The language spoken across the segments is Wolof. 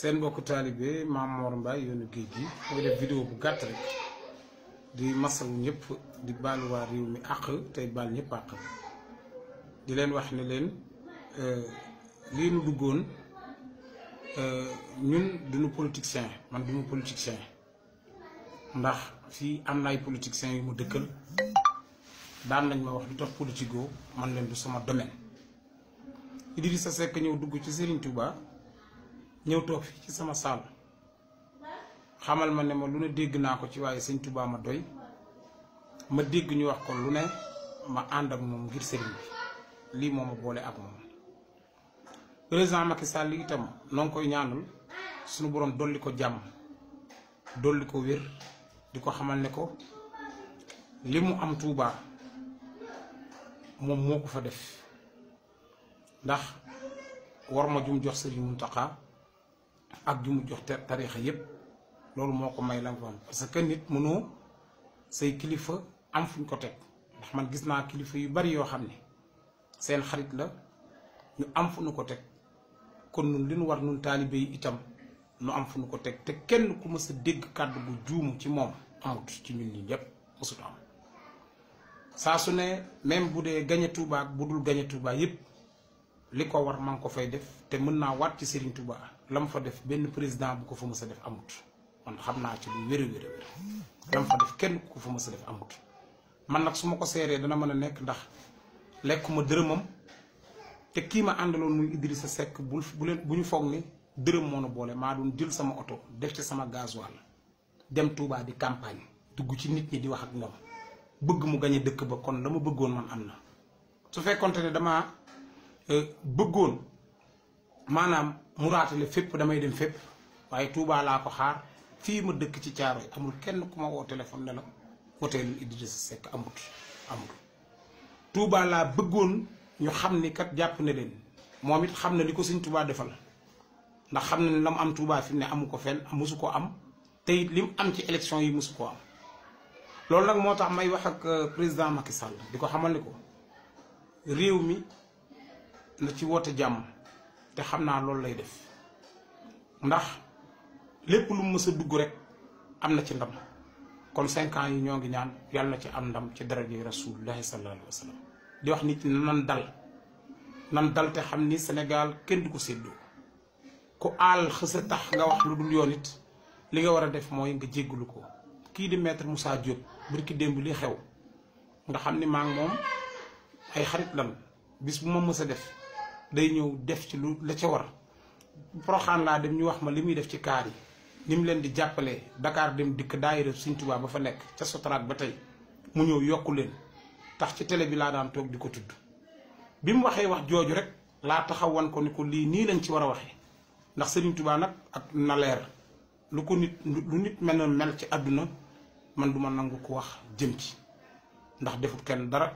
seen mbokku taalibe Mame Mor Mbaye yoonu géej gi mooy def vidéo bu gàtt rek di masawu ñëpp di baal waa réew mi àq tey baal ñëpp àq di leen wax ne leen euh, lii nu duggoon euh, ñun duñu politicien man duñu politicien ndax fii am na ay politiciens yu mu dëkkal daan nañ ma wax lu tax politico man leen du sama domaine Idrissa Seck ñëw dugg ci Serigne Touba. ñëw toog fi ci sama saal xamal ma ne ma lu ne dégg naa ko ci waaye sëñ Touba ma doy ma dégg ñu wax ko lu ne ma àndak moom ngir sëriñ bi lii moo ma boole ak moom président Macky Sall li itam noo koy ñaanul suñu boroom dolli ko jàmm dolli ko wér di ko xamal ne ko li mu am Touba moom moo ko fa def ndax war ma jum jox sëriñ Mountakha ak ju mu jox tarixa yépp loolu moo ko may la nga parce que nit mënoo say kilifa am fuñ ko teg ndax man gis naa kilifa yu bari yoo xam ne seen xarit la ñu am fu nu ko teg kon nun li nu war nun taalibe itam nu am fu nu ko teg te kenn ku mës a dégg kàddu bu juumu ci moom amut ci ñun ñi ñëpp mësut am saa su ne même bu dee gañe Tuubaa ak bu dul gañe Tuubaa yépp li ko war man ko fay def te mën naa waat ci Serigne Touba la mu fa def benn président bu ko fa mës a def amut man xam naa ci lu wér mu fa def kenn ku ko fa mës a amut man nag su ma ko seeree dana mën a nekk ndax lekkuma dërëmam te kii ma àndaloon muy Idrissa Seck bu bu leen bu ñu foog ni dërëm moo na boole maa doon jël sama oto def ci sama gasoil dem tuubaa di campagne dugg ci nit ñi di wax ak ñoom bëgg mu gañe dëkk ba kon la ma bëggoon man am na su fekkonte ne damaa euh, bëggoon. maanaam mu raatale fépp damay dem fépp waaye Touba laa ko xaar fii ma dëkk ci caaro yi amul kenn ku ma woo téléphone ne la woteelu Idrissa Seck amut amut Touba laa bëggoon ñu xam ni kat jàpp na leen moom it xam na li ko suñ Touba defal ndax xam na ne la mu am Touba fi ne amu ko fenn mosu ko am tey it am ci élection yi mosu ko am loolu nag moo tax may wax ak euh, président Macky Sall di ko xamal ni ko réew mi na ci woote jàmm. te xam naa loolu lay def ndax lépp lu mu mës a dugg rek am na ci ndam kon cinq yi ñoo ngi ñaan yàlla na ci am ndam ci dara rasulullahi sallallahu alayhi wa di wax nit ñi nan dal nan dal te xam ni senegal kenn du ko séddoo ku aal xësa tax nga wax lu dul yoon it li nga war a def mooy nga jéggalu ko kii di maître Moussa Diop birki démb li xew nga xam ni maa moom ay xarit lan bis bu ma mës a def day ñëw def ci lu la ca war proxaan laa dem ñu wax ma li muy def ci kaar yi ni mu leen di jàppalee dakaar dem dikk daayira Sëñ Tuubaa ba fa nekk ca Sotrac ba tey mu ñëw yokk leen tax ci télé bi laa daan toog di ko tudd bi mu waxee wax jooju rek laa taxaw wan ko ni ko lii nii lañ ci war a waxee ndax Sëriñ tubaa nag ak na lu ko nit lu nit mel na mel ci àdduna man du ma nangu ko wax jëm ci ndax defut kenn dara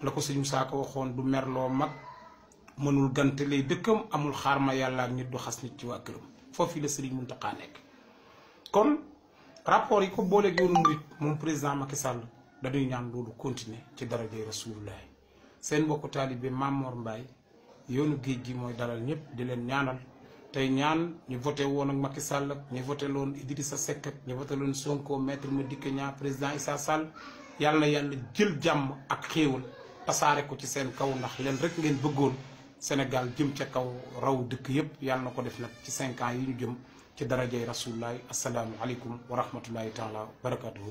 la ko sëñu Musaa Ka waxoon du merloo mag mënul gantalee dëkkam amul xaar ma yàlla ak nit du xas nit ci waa këram foofu la Serigne Mountakha nekk. kon rapport yi ko booleeg yoonu murit moom président Macky Sall dañuy ñaan loolu continuer ci darajee Rasulullah seen mbokku taalibe Mamor Mbaye yoonu géej gi mooy dalal ñëpp di leen ñaanal. tey ñaan ñu voté woon ak Macky Sall ak ñu voté loon Idrissa sa ak ñu voté loon Sonko ma dikk Niang président Issa Sall yàlla na yàlla jël jàmm ak xéewal tasaare ko ci seen kaw ndax leen rek ngeen bëggoon Sénégal jëm ca kaw raw dëkk yépp yàlla na ko def nag ci cinq yi ñu jëm ci darajay rasulullahi asalaamualeykum wa rahmatullahi taala wa barakaatuhu